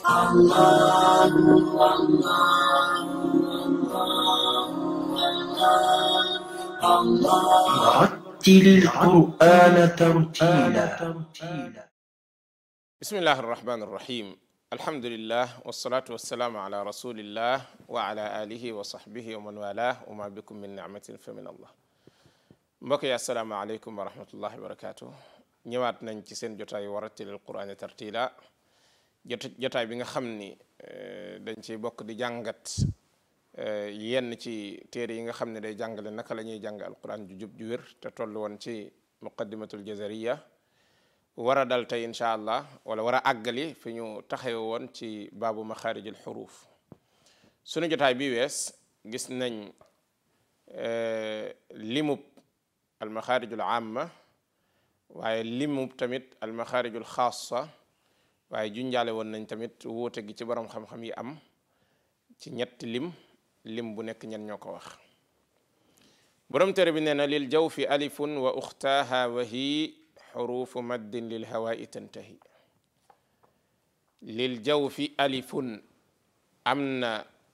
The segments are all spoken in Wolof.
رتل القرآن ترتيلا بسم الله الرحمن الرحيم الحمد لله والصلاة والسلام على رسول الله وعلى آله وصحبه ومن والاه وما بكم من نعمة فمن الله مبكي السلام عليكم ورحمة الله وبركاته نيوات نانتي سين ورتل القرآن ترتيلا jot jotaay bi nga xamni dañ ci bok di jàngat yenn ci téré yi nga xamni day jàngale naka lañuy jàng alquran ju jub ju wér ta tollu won ci muqaddimatul jazariya wara dal tay inshallah wala wara agali àggali fi ñu taxawe woon ci babu makharijul huruf sunu jotaay bi wess gis nañ limu المخارج العامة waaye limub tamit almaxaarijul xaasa waaye junjaale woon nañ tamit wuute gi ci borom xam-xam yi am ci ñetti lim lim bu nekk ñen ñoo ko wax borom téere bi nee na lil jaw fi alifun wa uxtaaha wa hi xurufu maddin lil hawaa'i tantahi lil jaw alifun am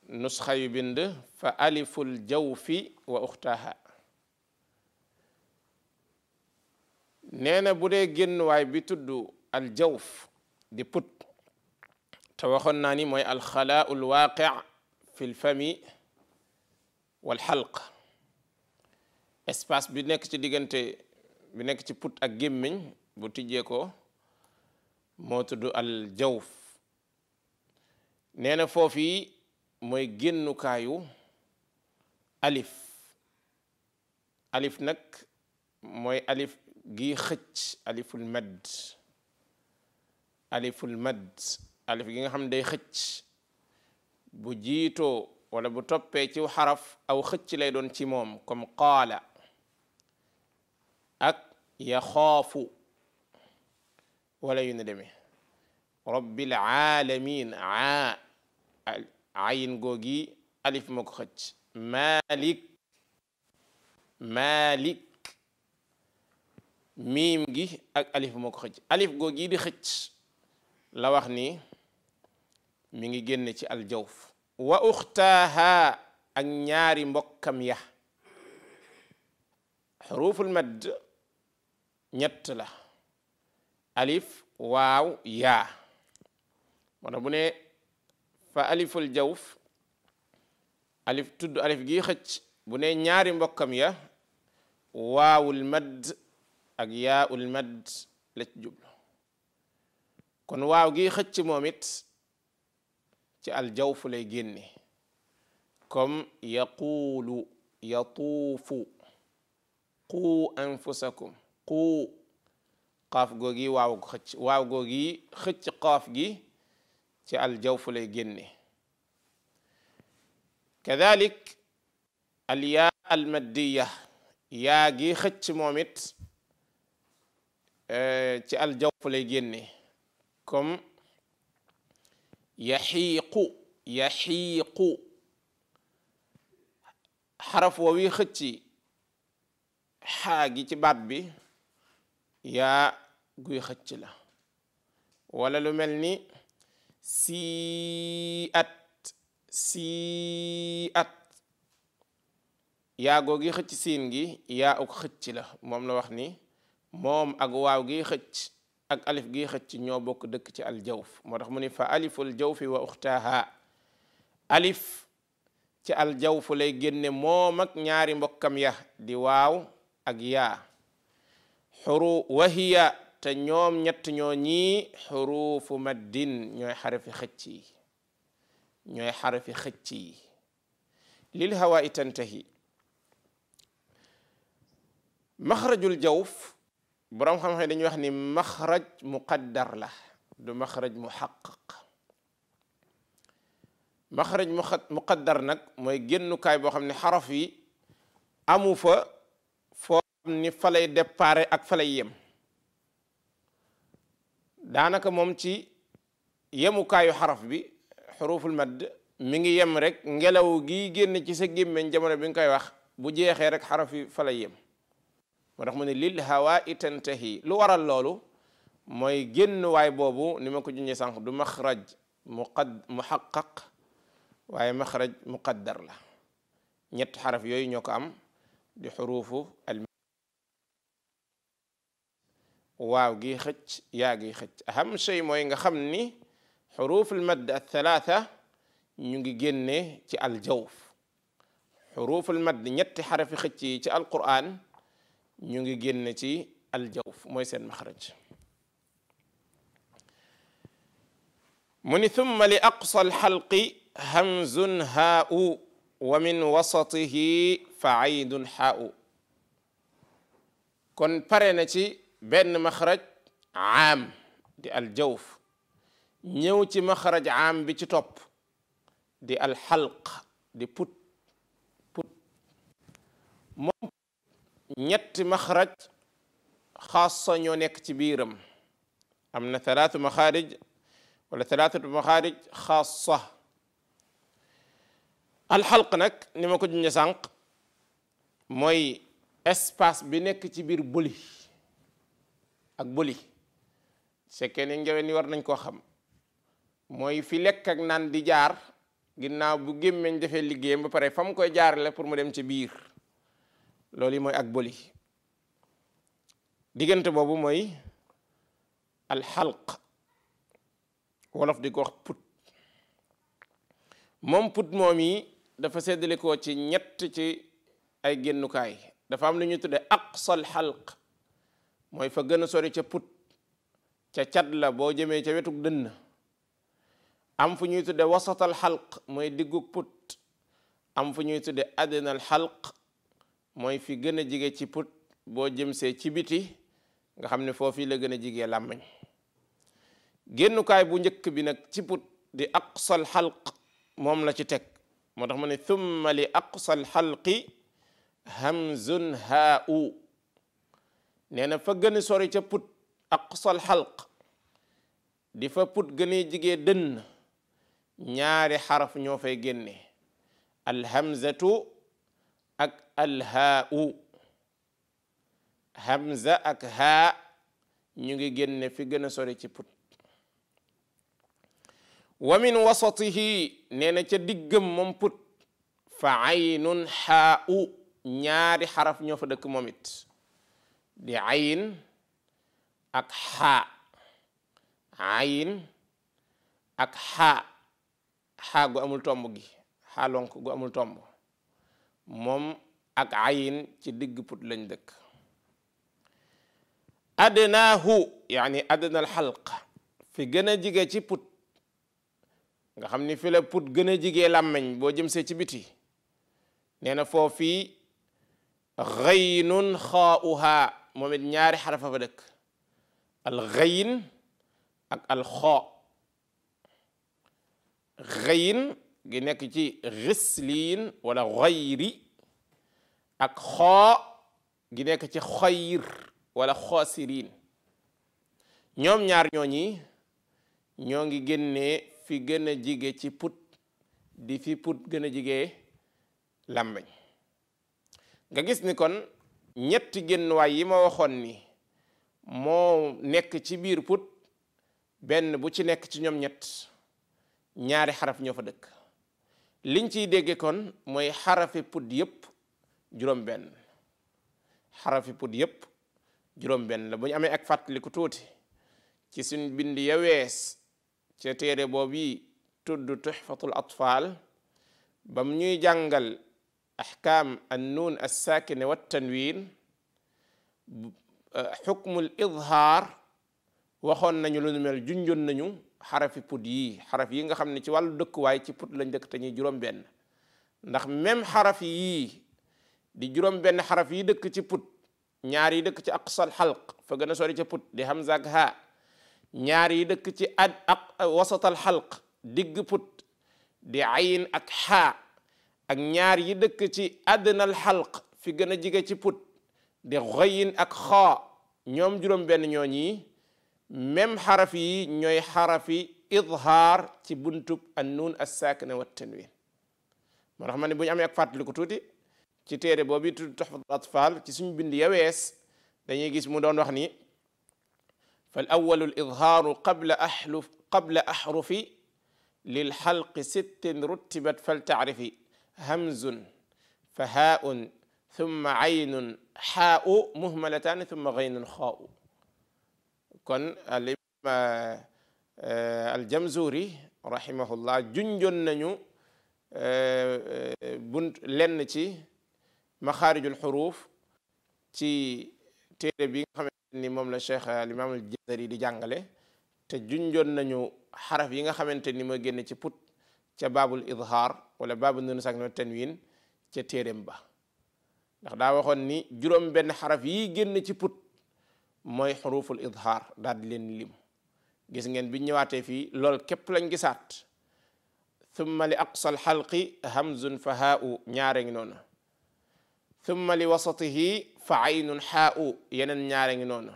nusxa yu bind fa aliful jaw fi wa uxtaaha nee na bu bi tudd al jawf di put te waxoon naa ni mooy alxalaau alwaqi fi lfami walxalq espace bi nekk ci diggante bi nekk ci put ak gémmiñ bu tijjee ko moo tudd al jawf nee na foofi mooy génnukaayu alif alif nag mooy alif gi xëcc aliful madd aliful mad alif gi nga xam ne day xëcc bu jiitoo wala bu toppee ci xaraf aw xëcc lay doon ci moom comme qaala ak yaxaafu wala yu ne demee rabbil alamin a ayin googi alif moo ko xëcc malik malik miim gi ak alif moo ko xëcc alif googi di xëcc la wax ni mi ngi génn ci aljawf wa uxtaaha ak ñaari mbokkam ya xuruful madd ñett la alif waaw yaa moo bu ne fa aliful jawf alif tudd alif gi xëcc bu ne ñaari mbokkam ya waawul madd ak yaa ul madd la kon waaw gi xëcc moomit it ci aljawfu lay génne kom yaquulu yatuufu quu anfusakum quu qaaf googi waaw xëcc waaw googi xëcc qaaf gi ci aljawfu lay génne kadalik alyaa almaddiya yaa gi xëcc moomit it eh, ci aljawfu lay génne كم يحيق يحيق حرف ووي ختي حاجي تبابي يا قوي ختلا ولا لملني سيئت سيئت يا غوغي ختي سينغي يا اوك ختلا موم لا وخني موم اك واو غي ختي ak alif gi xëcc ñoo bokk dëkk ci aljawf moo tax mu ni fa aliful jawfi wa uxtaaha alif ci aljawf lay génne moom ak ñaari mbokkam ya di waaw ak ya xuru wahiya te ñoom ñett ñoo ñii xuruufu maddin ñooy xarafi xëcc ñooy xarafi yi lil hawa i tantahi maxrajul jawf borom xam-xam yi dañuy wax ni maxraj muqaddar la du maxraj mu xaqaq maxraj mu muqaddar nag mooy génnukaay boo xam ne xaraf yi amu fa foo xam ni fa lay départ ak fa lay yem daanaka moom ci yemukaayu xaraf bi xuruful madd mi ngi yem rek ngelaw gi génn ci sa gémmiñ jamono bi nga koy wax bu jeexee rek xaraf yi fa lay yem moo tax mu ne lil hawa itantahi lu waral loolu mooy génn waay boobu ni ma ko junjee sànq du maxraj muqad muxaqaq waaye maxraj muqaddar la ñett xaraf yooyu ñoo ko am di xuruufu al waaw gi xëcc yaa gi xëcc aham shay mooy nga xam ni xuruuf al madd al thalaatha ñu ngi génne ci aljawf xuruuf al madd ñetti xarafi xëcc yi ci alquran ñu ngi génn ci aljawf mooy seen maxraj mu ni thumma li aqsa alxalqi hamzun haau wa min wasatihi fa aydun haau kon pare na ci benn maxraj aam di aljawf ñëw ci maxraj aam bi ci topp di alxalq di put نيت مخرج خاصة ño nek ci biram amna ثلاث مخارج ولا ثلاثة مخارج خاصة الحلق نك نيما كو جني سانق موي اسباس بي نيك سي بير بولي اك بولي سكن نجي ني ورنا نكو خام موي في ليك اك نان دي جار غيناو بو گيمن ديفه ليگيم با پاري فام كو جار لا پور مو ديم سي بير loolu yi mooy ak boli diggante boobu mooy alxalq wolof di ko wax put moom put moom yi dafa seddale ko ci ñett ci ay génnukaay dafa am lu ñu tudde aqsal xalq mooy fa gën a sori ca put ca cat la boo jëmee ca wetuk dënn am fu ñuy tudde wasatal xalq mooy diggug put am fu ñuy tudde adnal xalq mooy fi gën a jige ci put boo jëmsee ci biti nga xam ne foofii la gën a jigee làmmañ génnukaay bu njëkk bi nag ci put di aqsal xalq moom la ci teg moo tax ma ne thumma li aqsal xalqi hamzun haa u nee na fa gën a sori ca put aqsal xalq di fa put gëna a jigee dënn ñaari xaraf ñoo fay génne alhamzatu alhaau hamza ak haa ñu ngi génne fi gën a sori ci put wa min wasatihi nee na ca diggam moom put fa aynun haau ñaari xaraf ñoo fa dëkk di ayn ak xaa ayn ak xaa xaa gu amul tomb gi xaa lonk gu amul tomb moom ak ayin ci digg put lañ dëkk adnahu yani adna al fi gëna jige ci put nga xamni fi la put gëna jige jigee bo boo jëmsee ci biti neena fofi ghaynun kha'uha momit ñaari harfa fa dëkk al ghayn ak al kha ghayn gi nekk ci ghislin wala ghayri ak xoo gi nekk ci xoyir wala xoosiriin ñoom ñaar ñooñi ñoo ngi génnee fi gën a jige ci put di fi put gën a jigee làmbañ nga gis ni kon ñetti génnuwaay yi ma waxoon ni moo nekk ci biir put benn bu ci nekk ci ñoom ñett ñaari xaraf ñoo fa dëkk liñ ciy dégge kon mooy xarafi put yépp juróom-benn xarafi put yëpp juróom-benn la bu amee ak fàttali ku tuuti ci suñ bind ya wees ca téere boobu yi tudd tuxfatul atfaal bam ñuy jàngal axkaam an nuun assaakine wa wiin eh, xukmul idhaar waxoon nañu lu nu mel junjoon nañu xarafi put yi xaraf yi nga xam ne ci wàllu dëkkuwaay ci put lañ dëkk te juróom benn ndax même xaraf yii di juróom benn xaraf yi dëkk ci put ñaar yi dëkk ci aqsal xalq fa gën a sori ca put di hamza ak ha ñaar yi dëkk ci ad digg put di ayin ak xaa ak ñaar yi dëkk ci adnal xalq fi gën a jige ci put di xëyin ak xaa ñoom juróom benn ñooñi même xaraf yi ñooy xarafi idhaar ci buntub an nuun as saakina wa tanwin moo tax ma ne bu amee ak fàttaliku tuuti ci téré bobu tuddu Tuhfat atfal ci suñu bind ya wees dañuy gis mu doon wax ni fal awalu izhar qabla ahluf qabla ahrufi halq sitt rutibat faltacrifi hamzun fa haaun thumma aynun xaau muhmalataani thumma gaynun xaau kon al aljamzuri rahimahullah junjoon nañu bunt lenn ci maxaarijul xuruuf ci téere bi nga xamante ni moom la cheikh alimam al jazari di jàngale te junjoon nañu xaraf yi nga xamante ni moo génne ci put ca baabul idhaar wala baabul nun sak no tanwin ca téereem ba ndax daa waxoon ni juróom benn xaraf yi génn ci put mooy xuruful idhaar daal di leen lim gis ngeen bi ñëwaatee fii lool képp lañ gisaat thumma li aqsal xalqi hamzun fa haa'u ñaare ngi noonu ثم لوسطه فعين حاء ينن نون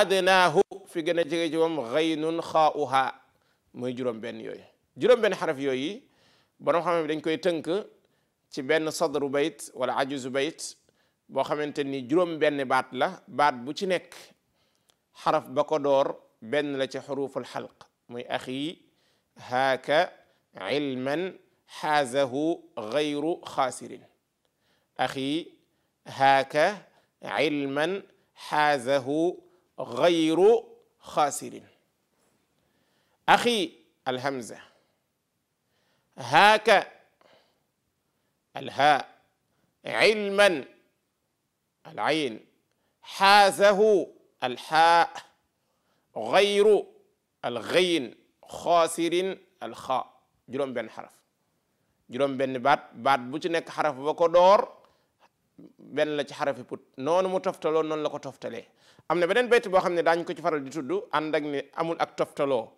أدناه في جنجي جوم غين خاؤها مجرم بن يوي جرم بن حرف يوي برو خامي دنج كوي تنك تي بن صدر بيت ولا عجوز بيت بو خامنتني جرم بن بات لا بات بو تي نيك حرف بكو دور بن لا تي حروف الحلق مي اخي هاك علما حازه غير خاسرين أخي هاك علما حازه غير خاسر أخي الهمزة هاك الهاء علما العين حازه الحاء غير الغين خاسر الخاء جرم بين حرف جرم بين بات بات بوتي حرف بكو دور ben la ci xarafi put noonu mu toftaloo noonu la ko toftalee am na beneen bayt boo xam ne daañ ko ci faral di tudd ànd ak ni amul ak toftaloo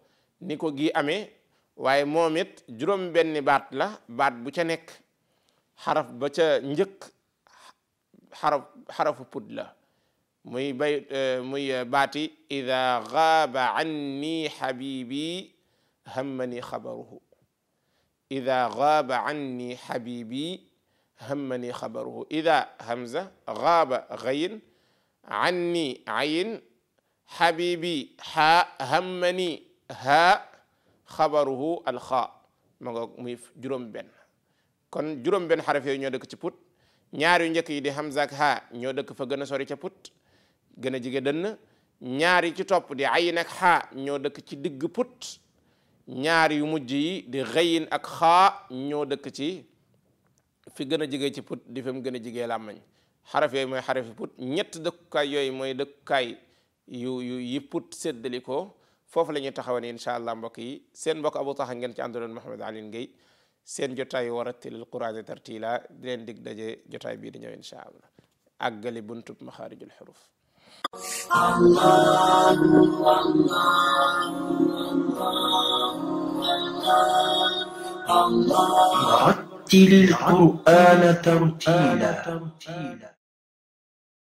ni ko gii amee waaye moom it juróom benni baat la baat bu ca nekk xaraf ba ca njëkk xaraf xarafu put la muy bay muy baati ida gaaba anni habibi hammani xabaruhu ida gaaba anni habibi hammani xabaruhu ida hamza gaaba gayin anni ayin habibi ha hammani ha xabaruhu alxaa ma nga juróom benn kon juróom benn xaraf yooyu ñoo dëkk ci put ñaar yu njëkk yi di hamza ak ha ñoo dëkk fa gën a sori ca put gën a jige dënn ñaar ci topp di ayin ak ha ñoo dëkk ci digg put ñaar yu mujj yi di gayin ak xaa ñoo dëkk ci fi gën a jigee ci put di gën a jigee làmmañ xaraf yooyu mooy xarafi put ñett dëkkukaay yooyu mooy dëkkukaay yu yu yi put séddali ko foofu la ñuy taxaw ne allah mbokk yi seen mbokk Abou Taha ngeen ci àndaloon Mouhamed Alioune Guèye seen jotaay warattilil Qur'aana tartiila di leen dig daje jotaay bii di ñëw incha allah àggali buntub maxaarijul xuruf الله رتل القرآن ترتيلا